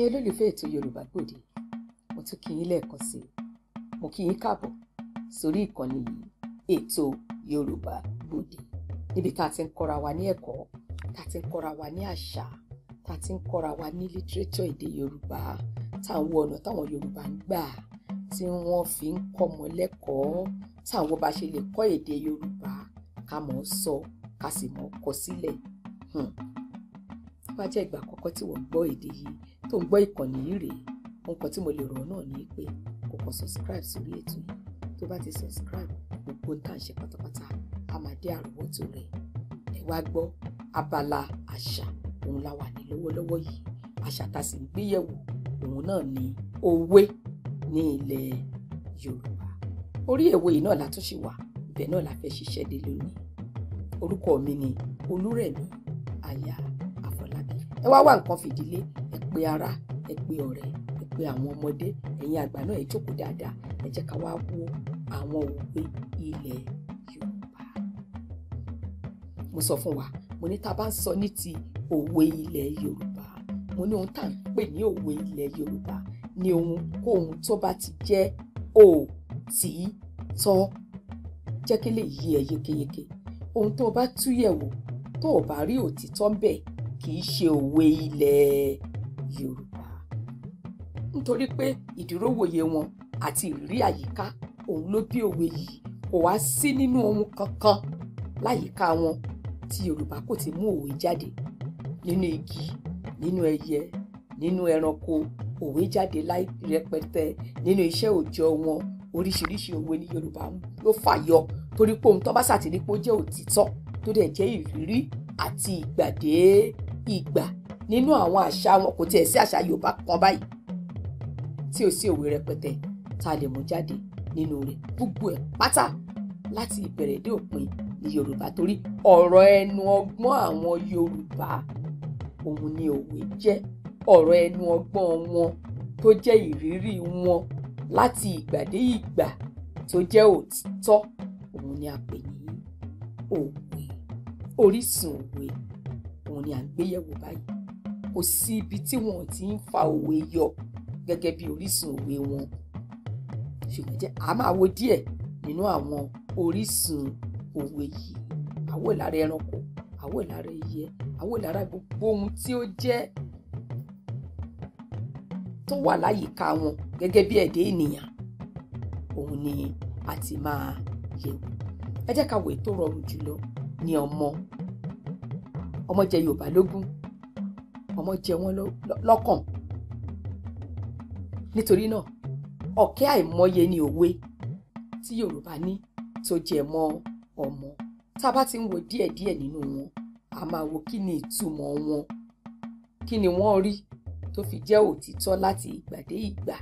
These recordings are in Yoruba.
ẹ̀yin olólùfẹ́ ètò Yorùbá Gbòde mo tún kí yín lẹ́ẹ̀kan sí i mo kí yín káàbọ̀ sórí ìkànnì yìí ètò Yorùbá Gbòde níbi tá a ti ń kọ́ra wa ní ẹ̀kọ́ tá a ti ń kọ́ra wa ní àṣà tá a ti ń kọ́ra wa ní lítírẹ́tọ̀ èdè Yorùbá táwọn ọ̀nà táwọn Yorùbá ń gbà tí wọ́n fi ń kọ́ ọmọ lẹ́kọ̀ọ́ táwọn bá ṣe lè kọ́ èdè Yorùbá ká mọ̀ ọ́ sọ ká sì mọ̀ ọ́ kọ bá jẹ́ ìgbà àkọ́kọ́ tí wọ́n gbọ́ èdè yìí tó ń gbọ́ ìkànnì yìí rèé ohun kan tí mo lè rọ̀ náà ni pé kò kàn subscribe sórí ètò yìí tó bá ti subscribe gbogbo tá à ń ṣe pátápátá a máa dé àròwọ́tò rẹ̀ ẹ wá gbọ́ abala àṣà òun la wà ní lọ́wọ́lọ́wọ́ yìí àṣà tá a sì ń gbéyẹ̀wò òun náà ni òwe ní ilẹ̀ Yorùbá orí èwe yìí náà la tún ṣì wà ibẹ̀ náà la fẹ́ ṣiṣẹ́ dé lónìí orúkọ mi ni Olúrẹ̀mí aya ẹ wá wá nǹkan fìdílé ẹ pé ara ẹ pé ọ̀rẹ́ ẹ pé àwọn ọmọdé ẹ̀yin àgbà náà ẹ jókòó dáadáa ẹ jẹ́ ká wá wo àwọn òwe ilẹ̀ Yorùbá mo sọ fún wa mo ní tá a bá ń sọ ní ti òwe ilẹ̀ Yorùbá mo ní ohun tá à ń pè ní òwe ilẹ̀ Yorùbá ní ohun kóhun tó bá ti jẹ́ òtítọ́ jẹ́ kí lè yí ẹ yékéyéké ohun tó o bá túyẹ̀wò tó o bá rí òtítọ́ ń kì í ṣe òwe ilẹ̀ Yorùbá nítorí pé ìdúrówòye wọn àti ìrírí àyíká òun ló bí òwe yìí kò wá sí nínú ohun kankan láyìíká wọn tí Yorùbá kò ti mú òwe jáde nínú igi nínú ẹyẹ nínú ẹranko òwe jáde láì rẹpẹtẹ nínú iṣẹ́ òòjọ́ wọn oríṣiríṣi òwe ní Yorùbá ló fàyọ torí pé ohun tó bá ṣàtìrí pé ó jẹ́ òtítọ́ tó dẹ̀ jẹ́ ìrírí àti ìgbàdé ìgbà nínú àwọn àṣà wọn kò tiẹ̀ sí àṣà yorùbá kan báyìí tí ò sí òwe rẹpẹtẹ tá a lè mú jáde nínú rẹ̀ gbogbo ẹ̀ pátá láti ìbẹ̀rẹ̀ dé òpin ní yorùbá torí ọ̀rọ̀ ẹnu ọgbọ́n àwọn yorùbá òun ni òwe jẹ́ ọ̀rọ̀ ẹnu ọgbọ́n wọn tó jẹ́ ìrírí wọn láti ìgbà dé ìgbà tó jẹ́ òtítọ́ òun ni a pè ní òwe orísun òwe òun ni à ń gbéyẹ̀wò báyìí kò sí ibi tí wọn ti ń fa òwe yọ gẹ́gẹ́ bí orísun òwe wọn ṣùgbọ́n jẹ́ a máa wo díẹ̀ nínú àwọn orísun òwe yìí àwò ìlara ẹranko àwò ìlara ẹyẹ àwò ìlara gbogbo ohun tí ó jẹ́ tó wà láyìíká wọn gẹ́gẹ́ bí ẹ̀dẹ́ ènìyàn òun ni a ti máa yẹ̀wò ẹ jẹ́ ká wo ètò rọrùn jùlọ ní ọmọ ọmọ jẹ yorùbá lógún ọmọ jẹ wọn lọ́kàn nítorí náà ọ̀kẹ́ àìmọye ni òwe tí yorùbá ní tó jẹ mọ́ ọmọ tá a bá ti ń wo díẹ̀díẹ̀ nínú wọn a máa wo kí ni ìtumọ̀ wọn kí ni wọ́n rí tó fi jẹ́ òtítọ́ láti ìgbà dé ìgbà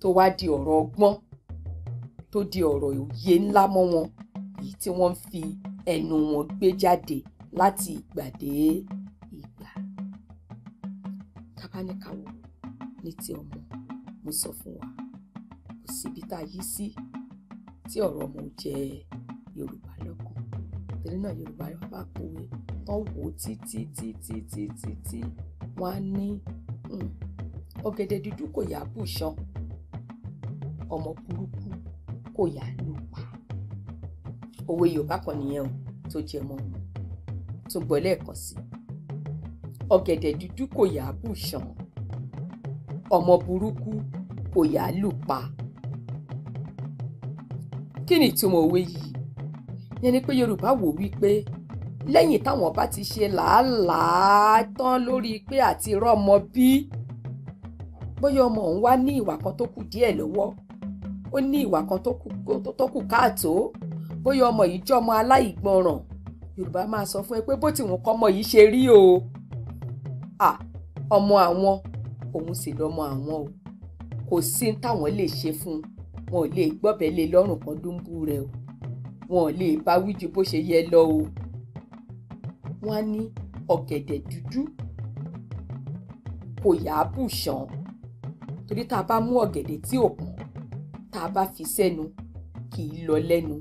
tó wá di ọ̀rọ̀ ọgbọ́n tó di ọ̀rọ̀ òye ńlá mọ́ wọn èyí tí wọ́n ń fi ẹnu wọn gbé jáde láti ìgbà dé ìgbà kábáníkàwò ní ti ọmọ mo sọ fún wa kò síbi tá a yí sí tí ọ̀rọ̀ ọmọ jẹ́ yorùbá lọ́kàn torí náà yorùbá bá pòwe tán wò ó títí títí títí tí wọ́n á ní hmm, ọ̀gẹ̀dẹ̀ dúdú kò yá bùṣán ọmọ burúkú kò yá lù pa òwe yorùbá kan nìyẹn o tó jẹ mọ́ wọn tó gbọ́ lẹ́ẹ̀kan sí ọ̀gẹ̀dẹ̀ dúdú kò yá bù ṣàn ọmọ burúkú kò yá lù pa kí ni ìtumọ̀ òwe yìí yẹn ni pé Yorùbá wò wípé lẹ́yìn táwọn bá ti ṣe làálàá tán lórí pé àti rọ́mọ bí bóyá ọmọ òun wá ní ìwà kan tó kù díẹ̀ lọ́wọ́ ó ní ìwà kan tó kù káàtó bóyá ọmọ yìí jọ aláìgbọràn yorùbá máa sọ fún ẹ pé bó ti wọ́n kọ́ ọmọ yìí ṣe rí o ọmọ àwọn òun sì lọ́mọ àwọn o kò sí táwọn lè ṣe fún un wọn ò lè gbọ́bẹ̀ lé e lọ́rùn kan dúńbú rẹ o wọn ò lè bá wíjú bó ṣe yẹ lọ o wọ́n á ní ọ̀gẹ̀dẹ̀ dúdú kò yá bù ṣàn torí tá a bá mú ọ̀gẹ̀dẹ̀ tí ò pọ́n tá a bá fi sẹ́nu kì í lọ lẹ́nu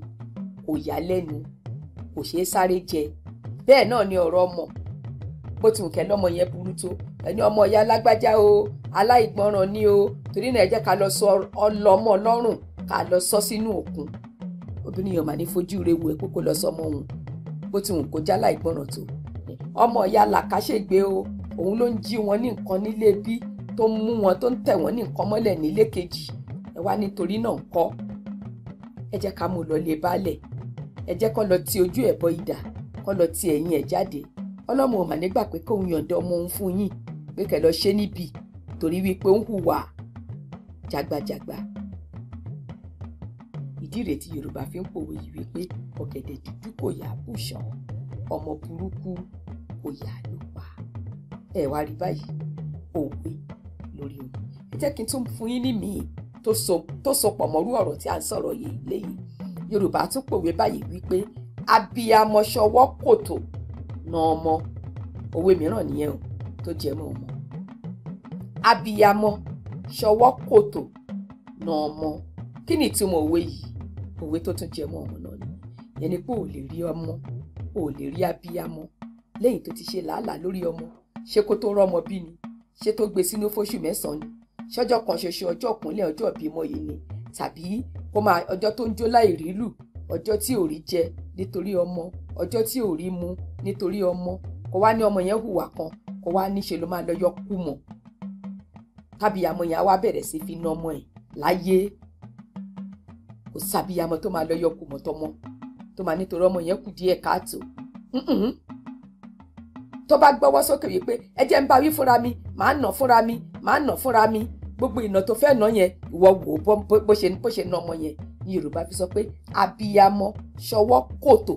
kò yá lẹ́nu kò ṣeé sáré jẹ bẹ́ẹ̀ náà ni ọ̀rọ̀ ọmọ bó ti wù kẹ́ lọ́mọ yẹn burú tó ẹni ọmọ ìyá alágbájá o aláìgbọràn ni o torí náà ẹ jẹ́ ká lọ sọ ọlọ́mọ lọ́rùn ká lọ sọ sínú òkun obìnrin yẹn mà ní fojú rewu ẹ kókó lọ sọmọ òun bó ti wù kó já láìgbọràn tó ọmọ ìyá làkàṣègbè o òun ló ń jí wọn ní nǹkan nílé bí tó ń mú wọn tó ń tẹ̀ wọ́n ní nǹkan mọ́lẹ̀ nílé kejì ẹ wá nítorí náà ń ẹ jẹ́ ká mú lọ lè balẹ̀ ẹ jẹ́ lọ ti ojú ẹ̀bọ idà kọ́ lọ ti ẹ̀yìn ẹ̀ jáde ọlọ́mọ mà nígbà pé kóun yọ̀ǹda ọmọ òun fún yín pé kẹ́ lọ ṣe níbi torí wípé ń hùwà jagbajagba ìdí rèé Yorùbá fi ń pòwe yìí wípé ọ̀gẹ̀dẹ̀ dúdú kò yá bùṣàn ọmọ burúkú kò yá ló pa ẹ wá rí báyìí òwe lórí omi ẹ jẹ́ kí n tún fún yín ní míì tó so pọ̀ mọ́rú ọ̀rọ̀ tí à ń sọ̀rọ̀ yìí léyìí yorùbá tún pòwe báyìí wípé abiyamọ ṣọwọ́ kòtò na ọmọ òwe mìíràn nìyẹn o tó jẹ mọ́ ọmọ abiyamọ ṣọwọ́ kòtò na ọmọ kí ni ìtumọ̀ òwe yìí òwe tó tún jẹ mọ́ ọmọ náà ni yẹn ni pé ò lè rí ọmọ ò lè rí abiyamọ lẹ́yìn tó ti ṣe làálàá lórí ọmọ ṣé kó tó rọ́mọ bí ni ṣé tó gbé sínú fóṣù mẹ́sàn ni ṣọjọ́ kan ṣoṣo ọjọ́ ìkúnlẹ̀ ọjọ́ ìbímọ yìí ni tàbí kó máa ọjọ́ tó ń jó láì rí lù ọjọ́ tí ò rí jẹ nítorí ọmọ ọjọ́ tí ò rí mu nítorí ọmọ kó wá ní ọmọ yẹn hùwà kan kó wá níṣe ló máa lọ yọ kú mọ kábíyàmọ yẹn á wá bẹ̀rẹ̀ sí fi ná ọmọ ẹ̀ láyé kò sábíyàmọ tó máa lọ kú mọ tọmọ tó máa nítorí ọmọ yẹn kù díẹ̀ káàtó tó bá gbọ́wọ́ sókè wípé ẹ jẹ́ ń bá wí fúnra mi màá nà fúnra mi màá nà fúnra mi gbogbo ìnà tó fẹ́ nà yẹn ìwọ wò bó ṣe bó ṣe nà ọmọ yẹn ni yorùbá fi sọ pé abiyamọ ṣọwọ́ kòtò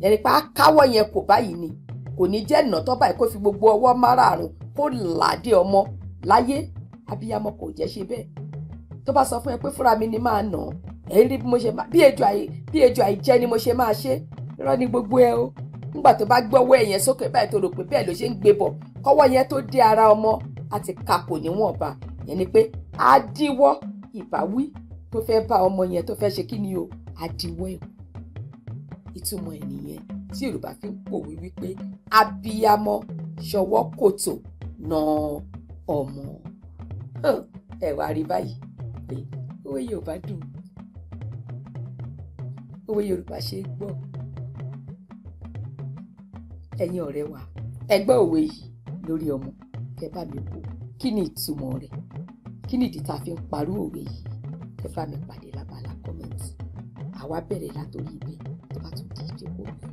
yẹn nípa káwọ́ yẹn kò báyìí ni kò ní jẹ́ nà tó báyìí kó fi gbogbo ọwọ́ márààrún kó làdé ọmọ láyé abiyamọ kò jẹ́ ṣe bẹ́ẹ̀ tó bá sọ fún ẹ pé fúnra mi ni máa nà ẹ rí bí mo ṣe máa bí ejò àì bí ejò àìjẹ ni mo ṣe máa ṣe irọ́ ni gbogbo ẹ o nígbà tó bá gbọ́wọ́ ẹ̀yẹn sókè báyìí tó rò pé bẹ́ẹ̀ ló ṣe ń gbé bọ̀ kọ́wọ́ yẹn tó dé ara ọmọ àti kakò níwọ̀nba yẹn ni pé á díwọ́ ìbáwí tó fẹ́ bá ọmọ yẹn tó fẹ́ ṣe kí ni o á díwọ́ ẹ̀ ìtumọ̀ ẹ̀ nìyẹn tí Yorùbá fi ń pòwe wípé abiyamọ ṣọwọ́ kòtò na ọmọ ẹ wá rí báyìí pé òwe Yorùbá dùn òwe Yorùbá ṣe é gbọ́ ẹ̀yin ọ̀rẹ́ wa ẹ gbọ́ òwe yìí lórí ọmọ kẹ́ bá mi wò kí ni ìtumọ̀ rẹ̀ kí nìdí tá a fi ń parú òwe yìí ẹ bá mi pàdé lábala kọ́mẹ́ǹtì àwa bẹ̀rẹ̀ látòrí ibẹ̀ tó bá tún di ìjókòó mi.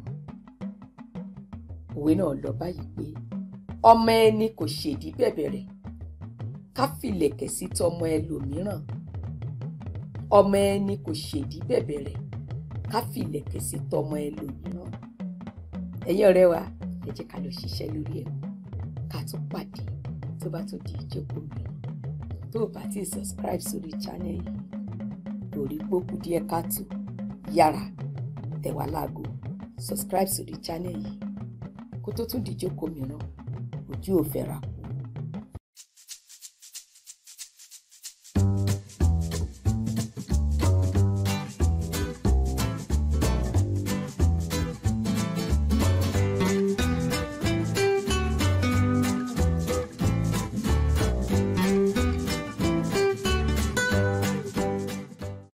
òwe náà lọ báyìí pé ọmọ ẹni kò ṣèdí bẹ̀bẹ̀ rẹ̀ ká filẹ̀kẹ̀ sí tọmọ ẹlòmíràn ọmọ ẹni kò ṣèdí bẹ̀bẹ̀ rẹ̀ ká filẹ̀kẹ̀ sí tọmọ ẹlòmíràn ẹ̀yin ọ̀rẹ́ wa ẹ ká lọ ṣiṣẹ́ lórí ẹ̀ ká tún pàdé tó bá tún di ìjókòó mi tó o bá ti subscribe sórí channel yìí torí pókù díẹ̀ káàtó yára tẹ̀ wá láago subscribe sórí channel yìí kó tó tún dìjókòó mìíràn ojú ò fẹ́ ra